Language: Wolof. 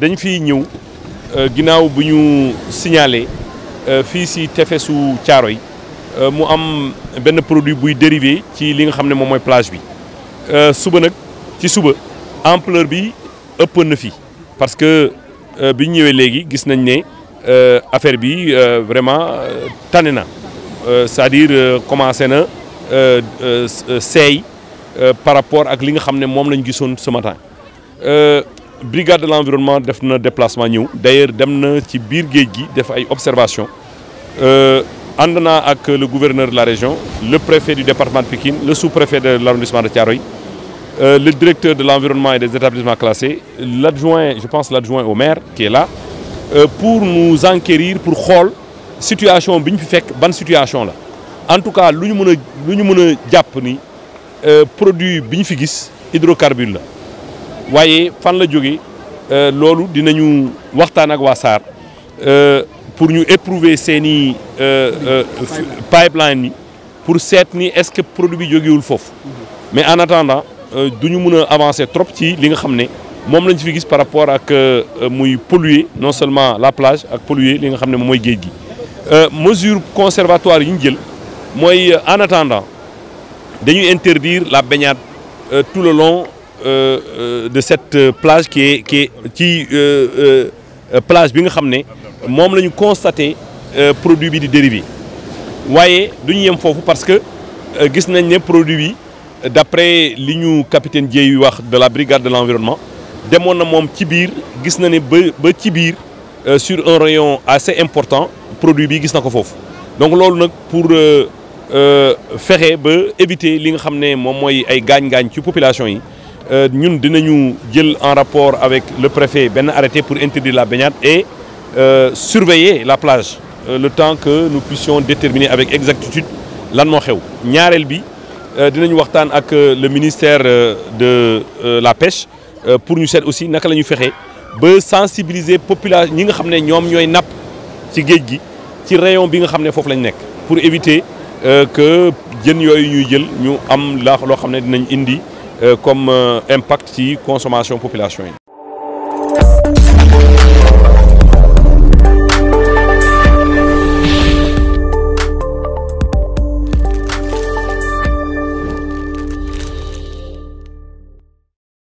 dañ fiy ñëw euh, ginaaw bu ñu signalé euh, fi ci tefesu caaro yi euh, mu am benn produit buy dérivé ci li nga xamné mom moy plage bi suba nak ci suba ampleur bi ëpp na fi parce que bi ñu ñëwee léegi gis nañ euh affaire bi vraiment tanena c'est-à-dire commencé na sey par rapport ak li nga xamné mom lañu gissone ce matin brigade de l'environnement def un déplacement d'ailleurs nous na ci biir def ay observation euh, ànd naa ak le gouverneur de la région le préfet du département de Pékin le sous-préfet de l'arrondissement de euh, le directeur de l'environnement et des établissements classés l'adjoint je pense l'adjoint au maire qui est là euh, pour nous enquérir pour la situation qui situation en tout cas nous avons euh, produit hydrocarbures Waye, fan la euh loolu dinañu waxtaan ak waa SAR euh, pour ñu éprouver euh, euh, pipeline ni pour seet ni est-ce que produit bi wul fof mais en attendant euh, du ñu avancer trop ci li nga xamné mom lañ ci fi gis par rapport ak muy polluer non seulement la plage ak polluer li nga xamné mom moy mooy géej mesure conservatoire ñu jël moy en attendant dañuy interdire la baignade tout le long euh, euh, de cette euh, plage qui est qui plage bi nga xam produit bi parce que gis nañ produit d'après le capitaine de la brigade de l'environnement qui na mom ci sur un rayon assez important produit bi gis donc pour faire éviter li nga xamné ne moy ay population yi euh, nous avons jël en rapport avec le préfet ben arrêté pour interdire la baignade et euh, surveiller la plage euh, le temps que nous puissions déterminer avec exactitude lan mo xew ñaarel bi dinañu avec le ministère de la pêche pour nous aussi naka la sensibiliser population ñi nga xamné ñom ñoy ci rayon pour éviter que les yoy ñuy jël ñu am la lo xamné indi euh, comme euh, impact la consommation population